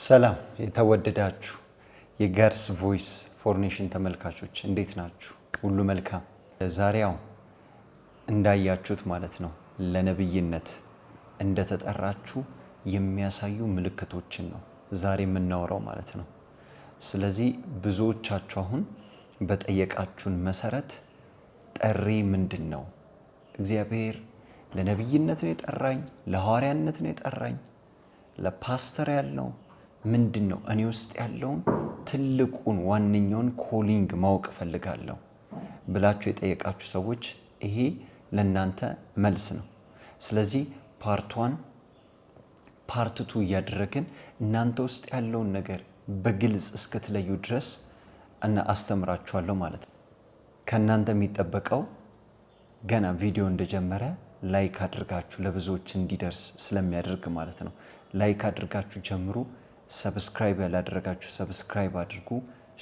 ሰላም የተወደዳችሁ የጋርስ ቮይስ ፎርኔሽን ተመልካቾች እንዴት ናችሁ? ሁሉ መልካም። ዛሬያው እንዳያችሁት ማለት ነው ለነብይነት እንደተጠራችሁ የሚያሳዩ ምልክቶችን ነው ዛሬ የምናወራው ማለት ነው። ስለዚህ ብዙዎቻችሁ አሁን በጠየቃችሁን መሰረት ጠሪ ምንድን ነው? እግዚአብሔር ለነብይነት ነው የጠራኝ፣ ለሐዋርያነት ነው የጠራኝ፣ ለፓስተር ያለው? ምንድን ነው እኔ ውስጥ ያለውን ትልቁን ዋነኛውን ኮሊንግ ማወቅ እፈልጋለሁ ብላችሁ የጠየቃችሁ ሰዎች ይሄ ለእናንተ መልስ ነው። ስለዚህ ፓርቷን ፓርትቱ እያደረግን እናንተ ውስጥ ያለውን ነገር በግልጽ እስክትለዩ ድረስ እና አስተምራችኋለሁ ማለት ነው። ከእናንተ የሚጠበቀው ገና ቪዲዮ እንደጀመረ ላይክ አድርጋችሁ ለብዙዎች እንዲደርስ ስለሚያደርግ ማለት ነው ላይክ አድርጋችሁ ጀምሩ። ሰብስክራይብ ያላደረጋችሁ ሰብስክራይብ አድርጉ፣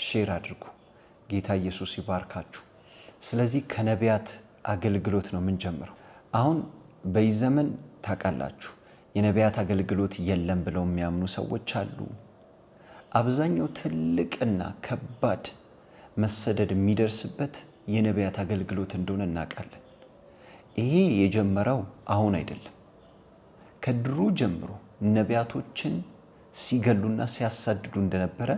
ሼር አድርጉ። ጌታ ኢየሱስ ይባርካችሁ። ስለዚህ ከነቢያት አገልግሎት ነው የምንጀምረው። አሁን በዚህ ዘመን ታውቃላችሁ የነቢያት አገልግሎት የለም ብለው የሚያምኑ ሰዎች አሉ። አብዛኛው ትልቅና ከባድ መሰደድ የሚደርስበት የነቢያት አገልግሎት እንደሆነ እናውቃለን። ይሄ የጀመረው አሁን አይደለም፣ ከድሮ ጀምሮ ነቢያቶችን ሲገሉና ሲያሳድዱ እንደነበረ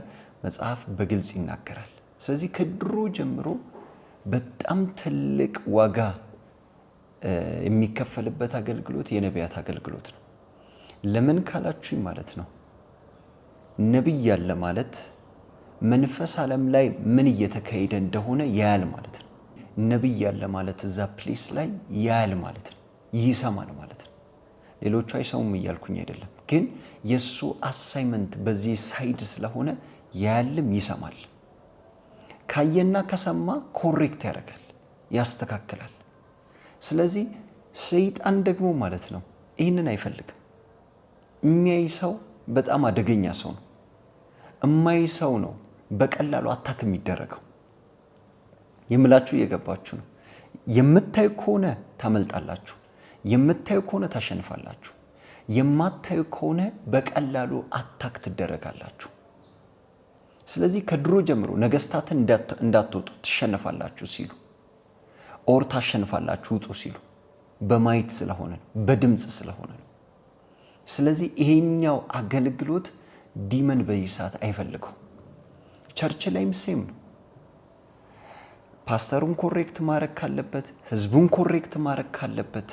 መጽሐፍ በግልጽ ይናገራል። ስለዚህ ከድሮ ጀምሮ በጣም ትልቅ ዋጋ የሚከፈልበት አገልግሎት የነቢያት አገልግሎት ነው። ለምን ካላችሁኝ ማለት ነው ነቢይ ያለ ማለት መንፈስ ዓለም ላይ ምን እየተካሄደ እንደሆነ ያያል ማለት ነው። ነቢይ ያለ ማለት እዛ ፕሌስ ላይ ያያል ማለት ነው። ይሰማል ማለት ነው። ሌሎቹ አይሰሙም እያልኩኝ አይደለም። ግን የእሱ አሳይመንት በዚህ ሳይድ ስለሆነ ያያልም ይሰማል። ካየና ከሰማ ኮሬክት ያደርጋል፣ ያስተካክላል። ስለዚህ ሰይጣን ደግሞ ማለት ነው ይህንን አይፈልግም። የሚያይ ሰው በጣም አደገኛ ሰው ነው። እማይ ሰው ነው በቀላሉ አታክ የሚደረገው። የምላችሁ እየገባችሁ ነው። የምታዩ ከሆነ ታመልጣላችሁ፣ የምታዩ ከሆነ ታሸንፋላችሁ። የማታዩ ከሆነ በቀላሉ አታክ ትደረጋላችሁ። ስለዚህ ከድሮ ጀምሮ ነገስታትን እንዳትወጡ ትሸነፋላችሁ ሲሉ ኦር ታሸንፋላችሁ ውጡ ሲሉ በማየት ስለሆነ ነው፣ በድምፅ ስለሆነ ነው። ስለዚህ ይሄኛው አገልግሎት ዲመን በዚህ ሰዓት አይፈልገው። ቸርች ላይም ሴም ነው። ፓስተሩን ኮሬክት ማድረግ ካለበት፣ ህዝቡን ኮሬክት ማድረግ ካለበት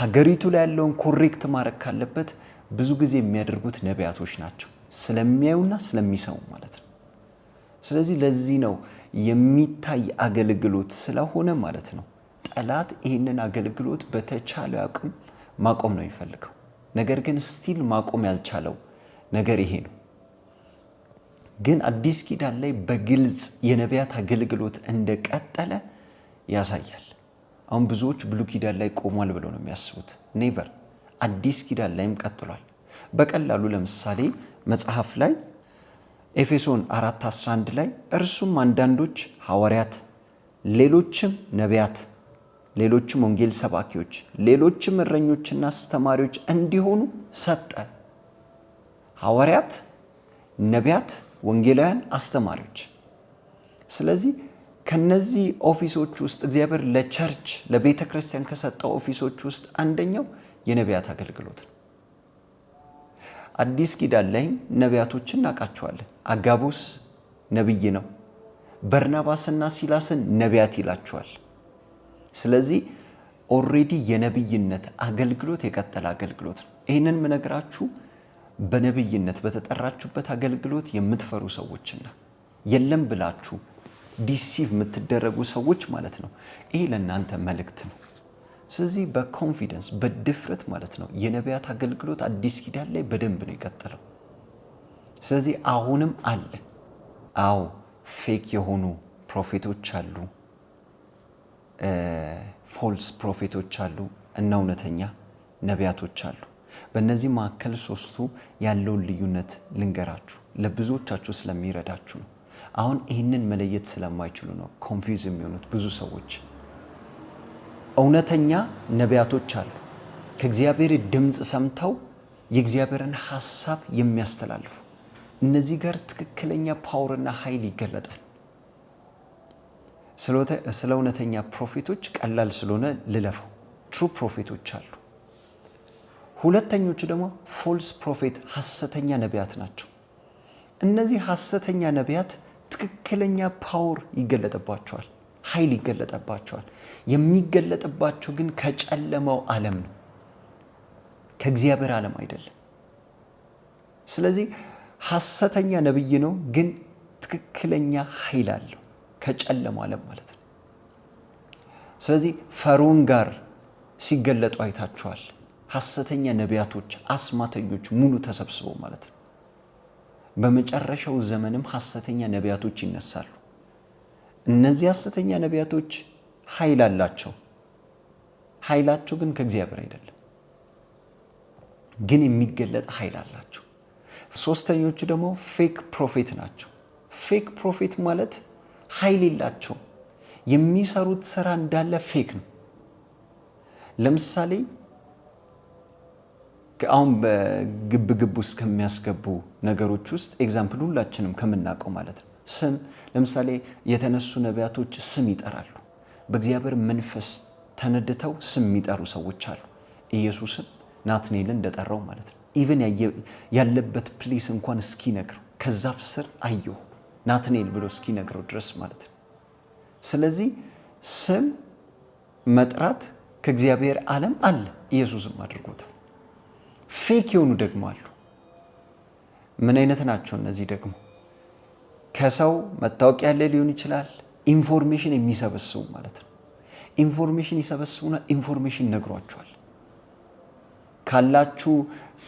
ሀገሪቱ ላይ ያለውን ኮሬክት ማድረግ ካለበት ብዙ ጊዜ የሚያደርጉት ነቢያቶች ናቸው፣ ስለሚያዩና ስለሚሰሙ ማለት ነው። ስለዚህ ለዚህ ነው የሚታይ አገልግሎት ስለሆነ ማለት ነው። ጠላት ይህንን አገልግሎት በተቻለ አቅም ማቆም ነው የሚፈልገው። ነገር ግን ስቲል ማቆም ያልቻለው ነገር ይሄ ነው። ግን አዲስ ኪዳን ላይ በግልጽ የነቢያት አገልግሎት እንደቀጠለ ያሳያል። አሁን ብዙዎች ብሉ ኪዳን ላይ ቆሟል ብለው ነው የሚያስቡት። ኔቨር አዲስ ኪዳን ላይም ቀጥሏል። በቀላሉ ለምሳሌ መጽሐፍ ላይ ኤፌሶን 4:11 ላይ እርሱም አንዳንዶች ሐዋርያት፣ ሌሎችም ነቢያት፣ ሌሎችም ወንጌል ሰባኪዎች፣ ሌሎችም እረኞችና አስተማሪዎች እንዲሆኑ ሰጠ። ሐዋርያት፣ ነቢያት፣ ወንጌላውያን፣ አስተማሪዎች ስለዚህ ከነዚህ ኦፊሶች ውስጥ እግዚአብሔር ለቸርች ለቤተ ክርስቲያን ከሰጠው ኦፊሶች ውስጥ አንደኛው የነቢያት አገልግሎት ነው። አዲስ ኪዳን ላይም ነቢያቶችን እናውቃቸዋለን። አጋቡስ ነቢይ ነው። በርናባስና ሲላስን ነቢያት ይላቸዋል። ስለዚህ ኦሬዲ የነቢይነት አገልግሎት የቀጠለ አገልግሎት ነው። ይህንን ምነግራችሁ በነቢይነት በተጠራችሁበት አገልግሎት የምትፈሩ ሰዎችና የለም ብላችሁ ዲሲቭ የምትደረጉ ሰዎች ማለት ነው። ይሄ ለእናንተ መልእክት ነው። ስለዚህ በኮንፊደንስ በድፍረት ማለት ነው የነቢያት አገልግሎት አዲስ ኪዳን ላይ በደንብ ነው የቀጠለው። ስለዚህ አሁንም አለ። አዎ ፌክ የሆኑ ፕሮፌቶች አሉ፣ ፎልስ ፕሮፌቶች አሉ እና እውነተኛ ነቢያቶች አሉ። በእነዚህ መካከል ሶስቱ ያለውን ልዩነት ልንገራችሁ ለብዙዎቻችሁ ስለሚረዳችሁ ነው። አሁን ይህንን መለየት ስለማይችሉ ነው ኮንፊውዝ የሚሆኑት ብዙ ሰዎች። እውነተኛ ነቢያቶች አሉ፣ ከእግዚአብሔር ድምፅ ሰምተው የእግዚአብሔርን ሀሳብ የሚያስተላልፉ። እነዚህ ጋር ትክክለኛ ፓወርና ኃይል ይገለጣል። ስለ እውነተኛ ፕሮፌቶች ቀላል ስለሆነ ልለፈው። ትሩ ፕሮፌቶች አሉ። ሁለተኞቹ ደግሞ ፎልስ ፕሮፌት ሀሰተኛ ነቢያት ናቸው። እነዚህ ሀሰተኛ ነቢያት ትክክለኛ ፓወር ይገለጥባቸዋል፣ ኃይል ይገለጠባቸዋል። የሚገለጥባቸው ግን ከጨለማው ዓለም ነው፣ ከእግዚአብሔር ዓለም አይደለም። ስለዚህ ሐሰተኛ ነብይ ነው፣ ግን ትክክለኛ ኃይል አለው ከጨለማው ዓለም ማለት ነው። ስለዚህ ፈርዖን ጋር ሲገለጡ አይታቸዋል። ሐሰተኛ ነቢያቶች፣ አስማተኞች ሙሉ ተሰብስበው ማለት ነው። በመጨረሻው ዘመንም ሐሰተኛ ነቢያቶች ይነሳሉ። እነዚህ ሐሰተኛ ነቢያቶች ኃይል አላቸው። ኃይላቸው ግን ከእግዚአብሔር አይደለም፣ ግን የሚገለጥ ኃይል አላቸው። ሶስተኞቹ ደግሞ ፌክ ፕሮፌት ናቸው። ፌክ ፕሮፌት ማለት ኃይል የላቸው፣ የሚሰሩት ስራ እንዳለ ፌክ ነው። ለምሳሌ አሁን በግብ ግብ ውስጥ ከሚያስገቡ ነገሮች ውስጥ ኤግዛምፕል ሁላችንም ከምናውቀው ማለት ነው። ስም ለምሳሌ የተነሱ ነቢያቶች ስም ይጠራሉ። በእግዚአብሔር መንፈስ ተነድተው ስም የሚጠሩ ሰዎች አሉ። ኢየሱስም ናትኔል እንደጠራው ማለት ነው። ኢቨን ያለበት ፕሌስ እንኳን እስኪነግረው ከዛፍ ስር አየሁ ናትኔል ብሎ እስኪነግረው ድረስ ማለት ነው። ስለዚህ ስም መጥራት ከእግዚአብሔር ዓለም አለ። ኢየሱስም አድርጎታል። ፌክ የሆኑ ደግሞ አሉ። ምን አይነት ናቸው እነዚህ ደግሞ? ከሰው መታወቂያ ያለ ሊሆን ይችላል። ኢንፎርሜሽን የሚሰበስቡ ማለት ነው። ኢንፎርሜሽን ይሰበስቡና ኢንፎርሜሽን ነግሯቸዋል። ካላችሁ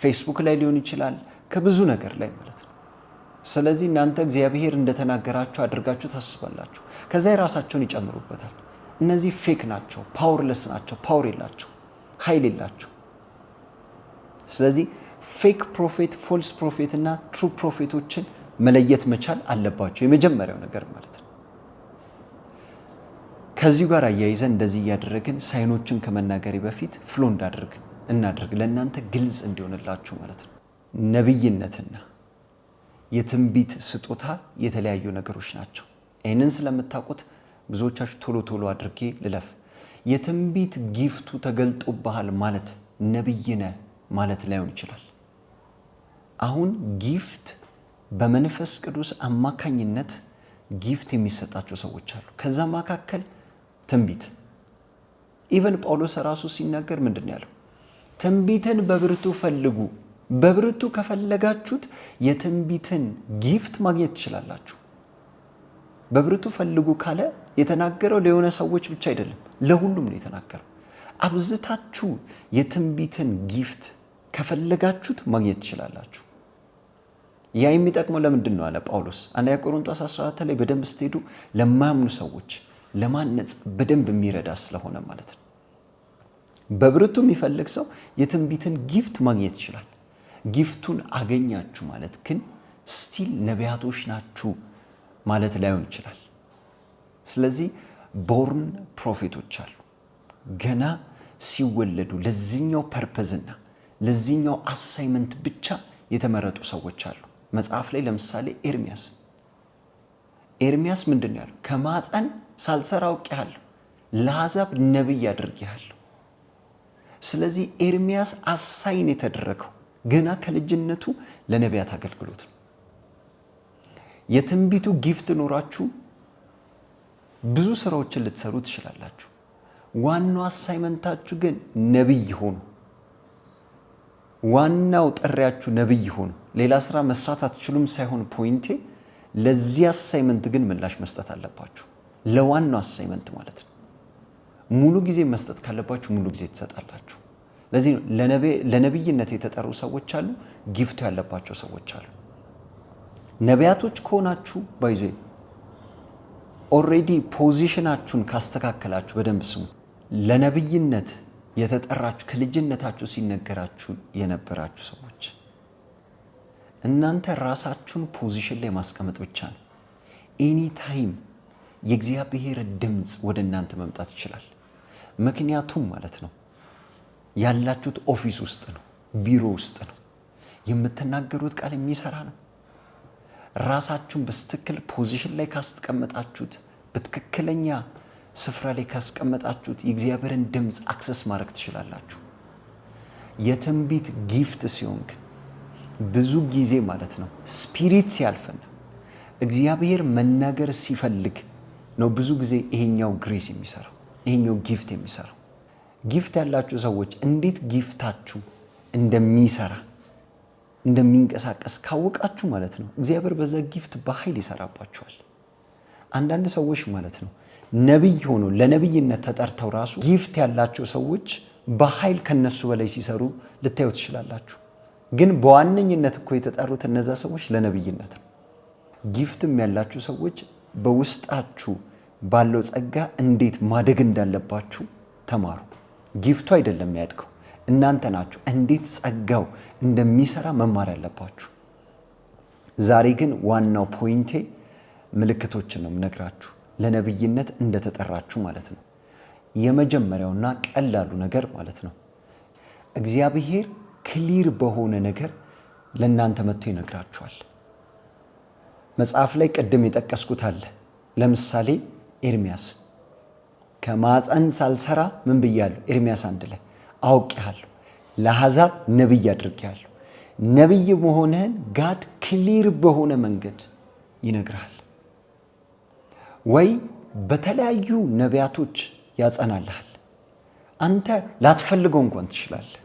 ፌስቡክ ላይ ሊሆን ይችላል፣ ከብዙ ነገር ላይ ማለት ነው። ስለዚህ እናንተ እግዚአብሔር እንደተናገራችሁ አድርጋችሁ ታስባላችሁ። ከዛ የራሳቸውን ይጨምሩበታል። እነዚህ ፌክ ናቸው፣ ፓወርለስ ናቸው፣ ፓወር የላቸው፣ ኃይል የላቸው። ስለዚህ ፌክ ፕሮፌት፣ ፎልስ ፕሮፌት እና ትሩ ፕሮፌቶችን መለየት መቻል አለባቸው። የመጀመሪያው ነገር ማለት ነው። ከዚሁ ጋር አያይዘን እንደዚህ እያደረግን ሳይኖችን ከመናገሬ በፊት ፍሎ እንዳደርግ እናደርግ ለእናንተ ግልጽ እንዲሆንላችሁ ማለት ነው። ነብይነትና የትንቢት ስጦታ የተለያዩ ነገሮች ናቸው። ይህንን ስለምታውቁት ብዙዎቻችሁ ቶሎ ቶሎ አድርጌ ልለፍ። የትንቢት ጊፍቱ ተገልጦብሃል ማለት ነብይ ነህ ማለት ላይሆን ይችላል። አሁን ጊፍት በመንፈስ ቅዱስ አማካኝነት ጊፍት የሚሰጣቸው ሰዎች አሉ። ከዛ መካከል ትንቢት ኢቨን ጳውሎስ ራሱ ሲናገር ምንድን ነው ያለው? ትንቢትን በብርቱ ፈልጉ፣ በብርቱ ከፈለጋችሁት የትንቢትን ጊፍት ማግኘት ትችላላችሁ። በብርቱ ፈልጉ ካለ የተናገረው ለሆነ ሰዎች ብቻ አይደለም፣ ለሁሉም ነው የተናገረው። አብዝታችሁ የትንቢትን ጊፍት ከፈለጋችሁት ማግኘት ትችላላችሁ። ያ የሚጠቅመው ለምንድን ነው አለ ጳውሎስ። አንደኛ ቆሮንቶስ 14 ላይ በደንብ ስትሄዱ ለማያምኑ ሰዎች ለማነጽ በደንብ የሚረዳ ስለሆነ ማለት ነው። በብርቱ የሚፈልግ ሰው የትንቢትን ጊፍት ማግኘት ይችላል። ጊፍቱን አገኛችሁ ማለት ግን ስቲል ነቢያቶች ናችሁ ማለት ላይሆን ይችላል። ስለዚህ ቦርን ፕሮፌቶች አሉ ገና ሲወለዱ ለዚህኛው ፐርፐዝና ለዚህኛው አሳይመንት ብቻ የተመረጡ ሰዎች አሉ። መጽሐፍ ላይ ለምሳሌ ኤርሚያስ ኤርሚያስ ምንድን ነው ያለው? ከማፀን ሳልሰራ አውቄሃለሁ፣ ለአሕዛብ ነቢይ አድርጌሃለሁ። ስለዚህ ኤርሚያስ አሳይን የተደረገው ገና ከልጅነቱ ለነቢያት አገልግሎት ነው። የትንቢቱ ጊፍት ኖራችሁ ብዙ ስራዎችን ልትሰሩ ትችላላችሁ። ዋናው አሳይመንታችሁ ግን ነቢይ ሆኑ። ዋናው ጥሪያችሁ ነብይ ሁኑ፣ ሌላ ስራ መስራት አትችሉም ሳይሆን ፖይንቴ፣ ለዚህ አሳይመንት ግን ምላሽ መስጠት አለባችሁ። ለዋናው አሳይመንት ማለት ነው። ሙሉ ጊዜ መስጠት ካለባችሁ ሙሉ ጊዜ ትሰጣላችሁ። ለዚህ ለነብይነት የተጠሩ ሰዎች አሉ፣ ጊፍቱ ያለባቸው ሰዎች አሉ። ነቢያቶች ከሆናችሁ ባይዞ ኦልሬዲ ፖዚሽናችሁን ካስተካከላችሁ፣ በደንብ ስሙ ለነብይነት የተጠራችሁ ከልጅነታችሁ ሲነገራችሁ የነበራችሁ ሰዎች እናንተ ራሳችሁን ፖዚሽን ላይ ማስቀመጥ ብቻ ነው። ኤኒ ታይም የእግዚአብሔር ድምፅ ወደ እናንተ መምጣት ይችላል። ምክንያቱም ማለት ነው ያላችሁት ኦፊስ ውስጥ ነው፣ ቢሮ ውስጥ ነው። የምትናገሩት ቃል የሚሰራ ነው። ራሳችሁን በትክክል ፖዚሽን ላይ ካስቀመጣችሁት በትክክለኛ ስፍራ ላይ ካስቀመጣችሁት የእግዚአብሔርን ድምፅ አክሰስ ማድረግ ትችላላችሁ። የትንቢት ጊፍት ሲሆን ግን ብዙ ጊዜ ማለት ነው ስፒሪት ሲያልፍና እግዚአብሔር መናገር ሲፈልግ ነው ብዙ ጊዜ ይሄኛው ግሬስ የሚሰራው ይሄኛው ጊፍት የሚሰራው። ጊፍት ያላችሁ ሰዎች እንዴት ጊፍታችሁ እንደሚሰራ እንደሚንቀሳቀስ ካወቃችሁ ማለት ነው እግዚአብሔር በዛ ጊፍት በኃይል ይሰራባችኋል። አንዳንድ ሰዎች ማለት ነው ነቢይ ሆኖ ለነቢይነት ተጠርተው ራሱ ጊፍት ያላቸው ሰዎች በኃይል ከነሱ በላይ ሲሰሩ ልታዩ ትችላላችሁ። ግን በዋነኝነት እኮ የተጠሩት እነዛ ሰዎች ለነቢይነት ነው። ጊፍትም ያላችሁ ሰዎች በውስጣችሁ ባለው ጸጋ እንዴት ማደግ እንዳለባችሁ ተማሩ። ጊፍቱ አይደለም ያድገው፣ እናንተ ናችሁ። እንዴት ጸጋው እንደሚሰራ መማር ያለባችሁ። ዛሬ ግን ዋናው ፖይንቴ ምልክቶችን ነው የምነግራችሁ። ለነብይነት እንደተጠራችሁ ማለት ነው። የመጀመሪያውና ቀላሉ ነገር ማለት ነው እግዚአብሔር ክሊር በሆነ ነገር ለእናንተ መጥቶ ይነግራችኋል። መጽሐፍ ላይ ቅድም የጠቀስኩት አለ። ለምሳሌ ኤርሚያስ ከማፀን ሳልሰራ ምን ብያለሁ? ኤርሚያስ አንድ ላይ አውቄሃለሁ፣ ለአሕዛብ ነቢይ አድርጌሃለሁ። ነቢይ መሆንህን ጋድ ክሊር በሆነ መንገድ ይነግራል። ወይ በተለያዩ ነቢያቶች ያጸናልሃል። አንተ ላትፈልገው እንኳን ትችላለህ።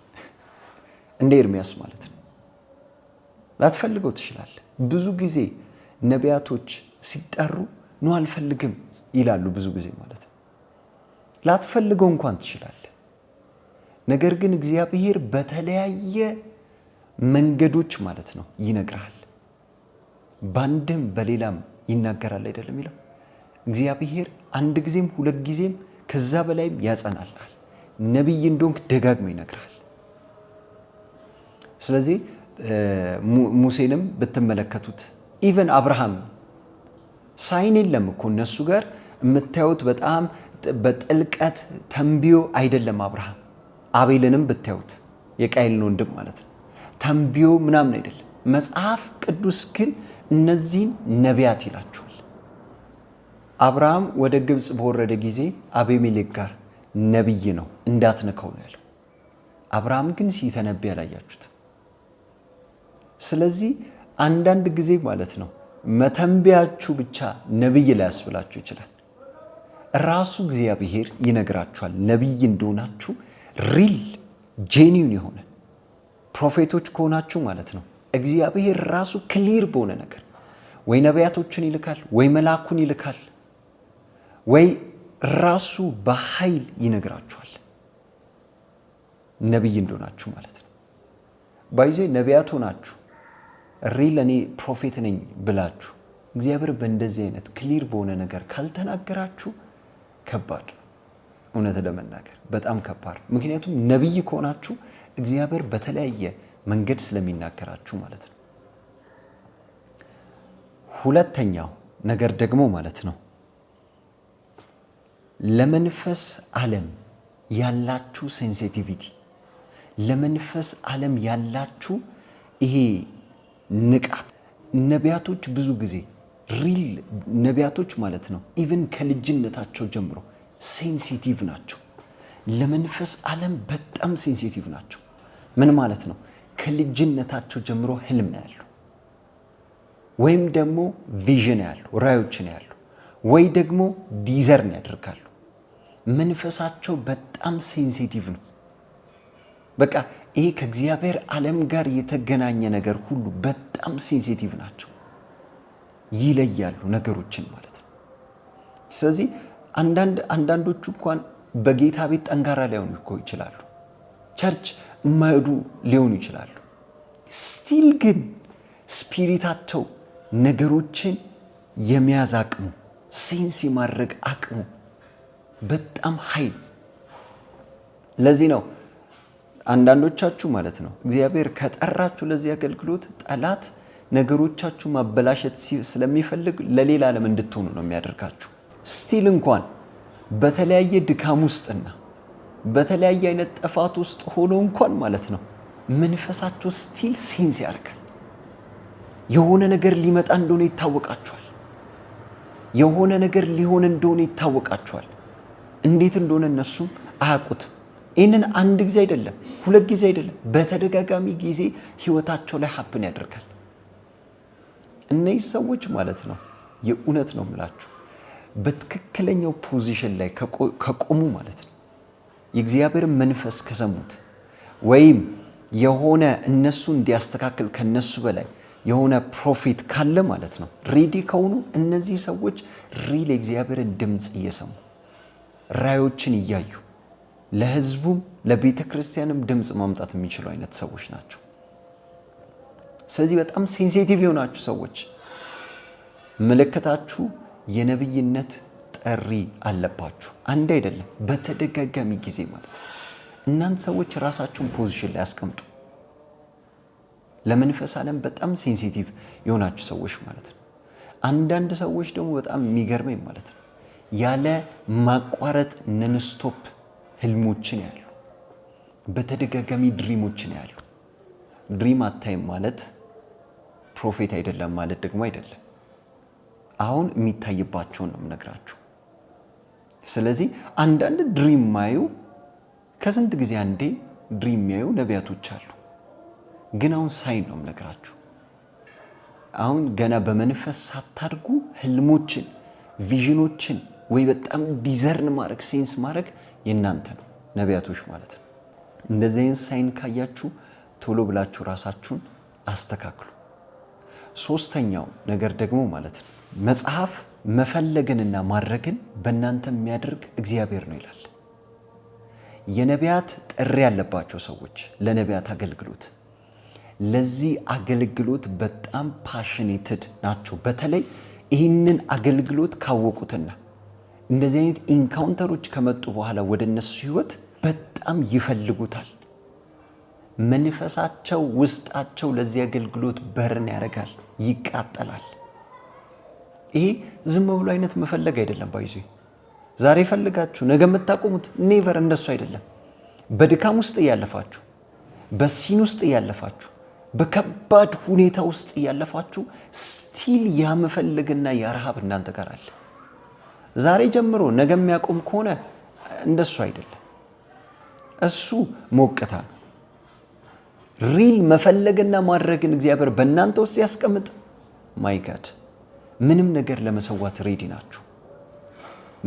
እንደ ኤርሚያስ ማለት ነው። ላትፈልገው ትችላለህ። ብዙ ጊዜ ነቢያቶች ሲጠሩ ነው አልፈልግም ይላሉ። ብዙ ጊዜ ማለት ነው። ላትፈልገው እንኳን ትችላለህ። ነገር ግን እግዚአብሔር በተለያየ መንገዶች ማለት ነው ይነግርሃል። በአንድም በሌላም ይናገራል አይደለም ይለው እግዚአብሔር አንድ ጊዜም ሁለት ጊዜም ከዛ በላይም ያጸናልል። ነቢይ እንደሆንክ ደጋግሞ ይነግራል። ስለዚህ ሙሴንም ብትመለከቱት ኢቨን አብርሃም ሳይን የለም እኮ እነሱ ጋር የምታዩት በጣም በጥልቀት ተንቢዮ አይደለም። አብርሃም አቤልንም ብታዩት የቃይልን ወንድም ማለት ነው ተንቢዮ ምናምን አይደለም። መጽሐፍ ቅዱስ ግን እነዚህን ነቢያት ይላቸው አብርሃም ወደ ግብፅ በወረደ ጊዜ አቤሜሌክ ጋር ነቢይ ነው እንዳትነካው ነው ያለው። አብርሃም ግን ሲተነብ ያላያችሁት። ስለዚህ አንዳንድ ጊዜ ማለት ነው መተንቢያችሁ ብቻ ነቢይ ላያስብላችሁ ይችላል። ራሱ እግዚአብሔር ይነግራችኋል ነቢይ እንደሆናችሁ ሪል ጄኒውን የሆነ ፕሮፌቶች ከሆናችሁ ማለት ነው እግዚአብሔር ራሱ ክሊር በሆነ ነገር ወይ ነቢያቶችን ይልካል ወይ መልአኩን ይልካል ወይ ራሱ በኃይል ይነግራችኋል ነቢይ እንደሆናችሁ ማለት ነው። ባይዜ ነቢያት ሆናችሁ ሪል እኔ ፕሮፌት ነኝ ብላችሁ እግዚአብሔር በእንደዚህ አይነት ክሊር በሆነ ነገር ካልተናገራችሁ ከባድ ነው። እውነት ለመናገር በጣም ከባድ ምክንያቱም ነቢይ ከሆናችሁ እግዚአብሔር በተለያየ መንገድ ስለሚናገራችሁ ማለት ነው። ሁለተኛው ነገር ደግሞ ማለት ነው ለመንፈስ ዓለም ያላችሁ ሴንሲቲቪቲ፣ ለመንፈስ ዓለም ያላችሁ ይሄ ንቃት ነቢያቶች ብዙ ጊዜ ሪል ነቢያቶች ማለት ነው። ኢቨን ከልጅነታቸው ጀምሮ ሴንሲቲቭ ናቸው። ለመንፈስ ዓለም በጣም ሴንሲቲቭ ናቸው። ምን ማለት ነው? ከልጅነታቸው ጀምሮ ህልም ያሉ ወይም ደግሞ ቪዥን ያሉ ራዮችን ያሉ ወይ ደግሞ ዲዘርን ያደርጋሉ። መንፈሳቸው በጣም ሴንሲቲቭ ነው። በቃ ይሄ ከእግዚአብሔር ዓለም ጋር የተገናኘ ነገር ሁሉ በጣም ሴንሲቲቭ ናቸው፣ ይለያሉ ነገሮችን ማለት ነው። ስለዚህ አንዳንዶቹ እንኳን በጌታ ቤት ጠንካራ ሊሆኑ እኮ ይችላሉ፣ ቸርች የማይሄዱ ሊሆኑ ይችላሉ። ስቲል ግን ስፒሪታቸው ነገሮችን የሚያዝ አቅሙ ሴንስ የማድረግ አቅሙ በጣም ኃይል። ለዚህ ነው አንዳንዶቻችሁ ማለት ነው እግዚአብሔር ከጠራችሁ ለዚህ አገልግሎት ጠላት ነገሮቻችሁ ማበላሸት ስለሚፈልግ ለሌላ ዓለም እንድትሆኑ ነው የሚያደርጋችሁ። ስቲል እንኳን በተለያየ ድካም ውስጥና በተለያየ አይነት ጥፋት ውስጥ ሆኖ እንኳን ማለት ነው መንፈሳችሁ ስቲል ሴንስ ያደርጋል። የሆነ ነገር ሊመጣ እንደሆነ ይታወቃችኋል። የሆነ ነገር ሊሆን እንደሆነ ይታወቃችኋል። እንዴት እንደሆነ እነሱም አያውቁት። ይህንን አንድ ጊዜ አይደለም፣ ሁለት ጊዜ አይደለም፣ በተደጋጋሚ ጊዜ ህይወታቸው ላይ ሀብን ያደርጋል። እነዚህ ሰዎች ማለት ነው የእውነት ነው የምላችሁ በትክክለኛው ፖዚሽን ላይ ከቆሙ ማለት ነው የእግዚአብሔርን መንፈስ ከሰሙት ወይም የሆነ እነሱ እንዲያስተካክል ከነሱ በላይ የሆነ ፕሮፊት ካለ ማለት ነው ሬዲ ከሆኑ እነዚህ ሰዎች ሪል የእግዚአብሔርን ድምፅ እየሰሙ ራዮችን እያዩ ለህዝቡም ለቤተ ክርስቲያንም ድምፅ ማምጣት የሚችሉ አይነት ሰዎች ናቸው። ስለዚህ በጣም ሴንሲቲቭ የሆናችሁ ሰዎች ምልክታችሁ የነብይነት ጠሪ አለባችሁ። አንድ አይደለም፣ በተደጋጋሚ ጊዜ ማለት ነው። እናንተ ሰዎች ራሳችሁን ፖዚሽን ላይ አስቀምጡ። ለመንፈስ ዓለም በጣም ሴንሲቲቭ የሆናችሁ ሰዎች ማለት ነው። አንዳንድ ሰዎች ደግሞ በጣም የሚገርመኝ ማለት ነው ያለ ማቋረጥ ነንስቶፕ ህልሞችን ያሉ በተደጋጋሚ ድሪሞችን ያሉ ድሪም አታይም ማለት ፕሮፌት አይደለም ማለት ደግሞ አይደለም። አሁን የሚታይባቸውን ነው የምነግራችሁ። ስለዚህ አንዳንድ ድሪም ማዩ ከስንት ጊዜ አንዴ ድሪም የሚያዩ ነቢያቶች አሉ። ግን አሁን ሳይን ነው የምነግራችሁ። አሁን ገና በመንፈስ ሳታድጉ ህልሞችን ቪዥኖችን ወይ በጣም ዲዘርን ማድረግ ሴንስ ማድረግ የእናንተ ነው፣ ነቢያቶች ማለት ነው። እንደዚህ አይነት ሳይን ካያችሁ ቶሎ ብላችሁ ራሳችሁን አስተካክሉ። ሶስተኛው ነገር ደግሞ ማለት ነው መጽሐፍ መፈለግንና ማድረግን በእናንተ የሚያደርግ እግዚአብሔር ነው ይላል። የነቢያት ጥሪ ያለባቸው ሰዎች ለነቢያት አገልግሎት ለዚህ አገልግሎት በጣም ፓሽኔትድ ናቸው። በተለይ ይህንን አገልግሎት ካወቁትና እንደዚህ አይነት ኢንካውንተሮች ከመጡ በኋላ ወደ እነሱ ህይወት በጣም ይፈልጉታል። መንፈሳቸው፣ ውስጣቸው ለዚህ አገልግሎት በርን ያደርጋል፣ ይቃጠላል። ይሄ ዝም ብሎ አይነት መፈለግ አይደለም። ባይዞ ዛሬ ፈልጋችሁ ነገ የምታቆሙት ኔቨር፣ እንደሱ አይደለም። በድካም ውስጥ እያለፋችሁ፣ በሲን ውስጥ እያለፋችሁ፣ በከባድ ሁኔታ ውስጥ እያለፋችሁ ስቲል ያ መፈለግና ያ ረሃብ እናንተ ጋር አለ። ዛሬ ጀምሮ ነገ የሚያቆም ከሆነ እንደሱ አይደለም። እሱ ሞቅታ ነው። ሪል መፈለግና ማድረግን እግዚአብሔር በእናንተ ውስጥ ያስቀምጥ። ማይጋድ ምንም ነገር ለመሰዋት ሬዲ ናችሁ።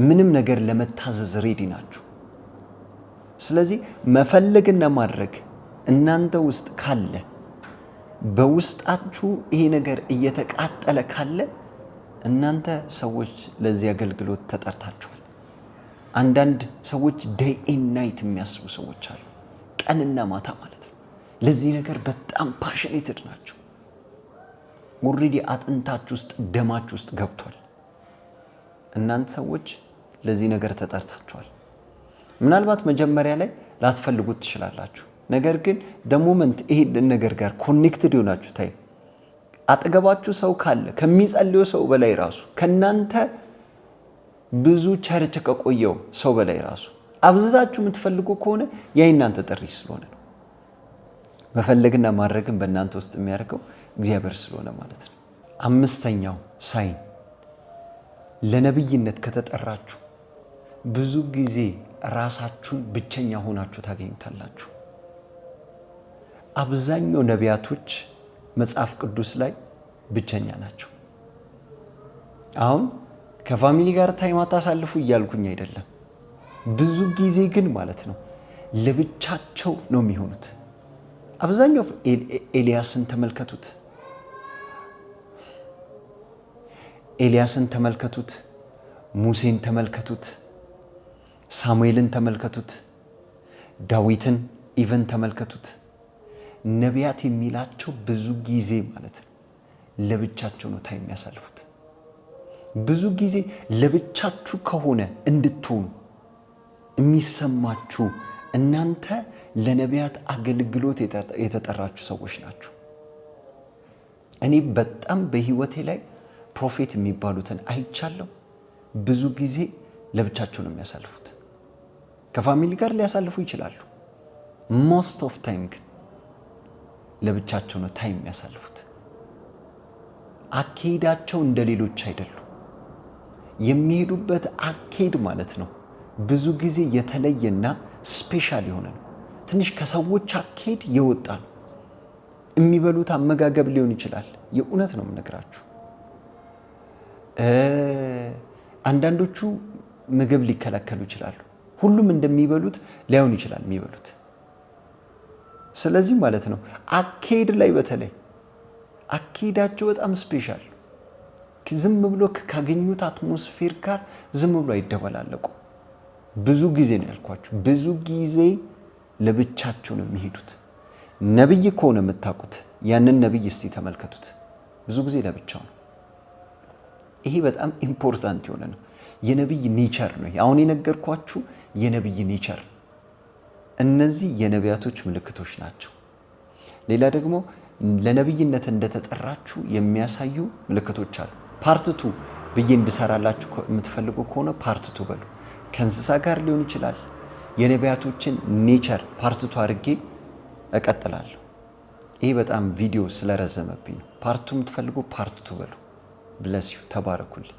ምንም ነገር ለመታዘዝ ሬዲ ናችሁ። ስለዚህ መፈለግና ማድረግ እናንተ ውስጥ ካለ በውስጣችሁ ይሄ ነገር እየተቃጠለ ካለ እናንተ ሰዎች ለዚህ አገልግሎት ተጠርታችኋል። አንዳንድ ሰዎች ደይ ኤንድ ናይት የሚያስቡ ሰዎች አሉ። ቀንና ማታ ማለት ነው። ለዚህ ነገር በጣም ፓሽኔትድ ናቸው። ኦልሬዲ አጥንታች ውስጥ ደማች ውስጥ ገብቷል። እናንተ ሰዎች ለዚህ ነገር ተጠርታችኋል። ምናልባት መጀመሪያ ላይ ላትፈልጉት ትችላላችሁ። ነገር ግን ደሞመንት ይሄንን ነገር ጋር ኮኔክትድ ይሆናችሁ ታይም አጠገባችሁ ሰው ካለ ከሚጸልዩ ሰው በላይ ራሱ ከናንተ ብዙ ቸርች ከቆየው ሰው በላይ ራሱ አብዝታችሁ የምትፈልጉ ከሆነ ያ እናንተ ጥሪ ስለሆነ ነው። መፈለግና ማድረግን በእናንተ ውስጥ የሚያደርገው እግዚአብሔር ስለሆነ ማለት ነው። አምስተኛው ሳይን ለነብይነት ከተጠራችሁ ብዙ ጊዜ ራሳችሁን ብቸኛ ሆናችሁ ታገኝታላችሁ። አብዛኛው ነቢያቶች መጽሐፍ ቅዱስ ላይ ብቸኛ ናቸው። አሁን ከፋሚሊ ጋር ታይም አታሳልፉ እያልኩኝ አይደለም። ብዙ ጊዜ ግን ማለት ነው ለብቻቸው ነው የሚሆኑት። አብዛኛው ኤልያስን ተመልከቱት፣ ኤልያስን ተመልከቱት፣ ሙሴን ተመልከቱት፣ ሳሙኤልን ተመልከቱት፣ ዳዊትን ኢቨን ተመልከቱት። ነቢያት የሚላቸው ብዙ ጊዜ ማለት ነው ለብቻቸው ነው ታይም የሚያሳልፉት። ብዙ ጊዜ ለብቻችሁ ከሆነ እንድትሆኑ የሚሰማችሁ እናንተ ለነቢያት አገልግሎት የተጠራችሁ ሰዎች ናችሁ። እኔ በጣም በህይወቴ ላይ ፕሮፌት የሚባሉትን አይቻለሁ። ብዙ ጊዜ ለብቻቸው ነው የሚያሳልፉት። ከፋሚሊ ጋር ሊያሳልፉ ይችላሉ። ሞስት ኦፍ ታይም ግን ለብቻቸው ነው ታይም የሚያሳልፉት። አካሄዳቸው እንደ ሌሎች አይደሉም። የሚሄዱበት አካሄድ ማለት ነው ብዙ ጊዜ የተለየና ስፔሻል የሆነ ነው። ትንሽ ከሰዎች አካሄድ የወጣ ነው። የሚበሉት አመጋገብ ሊሆን ይችላል። የእውነት ነው የምነግራችሁ። አንዳንዶቹ ምግብ ሊከለከሉ ይችላሉ። ሁሉም እንደሚበሉት ላይሆን ይችላል የሚበሉት ስለዚህ ማለት ነው አካሄድ ላይ በተለይ አካሄዳቸው በጣም ስፔሻል ዝም ብሎ ካገኙት አትሞስፌር ጋር ዝም ብሎ አይደበላለቁ። ብዙ ጊዜ ነው ያልኳችሁ፣ ብዙ ጊዜ ለብቻቸው ነው የሚሄዱት። ነብይ ከሆነ የምታውቁት ያንን ነብይ እስቲ ተመልከቱት። ብዙ ጊዜ ለብቻው ነው። ይሄ በጣም ኢምፖርታንት የሆነ ነው። የነብይ ኔቸር ነው። አሁን የነገርኳችሁ የነብይ ኔቸር እነዚህ የነቢያቶች ምልክቶች ናቸው። ሌላ ደግሞ ለነብይነት እንደተጠራችሁ የሚያሳዩ ምልክቶች አሉ። ፓርትቱ ብዬ እንድሰራላችሁ የምትፈልጉ ከሆነ ፓርትቱ በሉ። ከእንስሳ ጋር ሊሆን ይችላል። የነቢያቶችን ኔቸር ፓርትቱ አድርጌ እቀጥላለሁ። ይህ በጣም ቪዲዮ ስለረዘመብኝ ነው። ፓርቱ የምትፈልጉ ፓርትቱ በሉ። ብለሲሁ ተባረኩልኝ።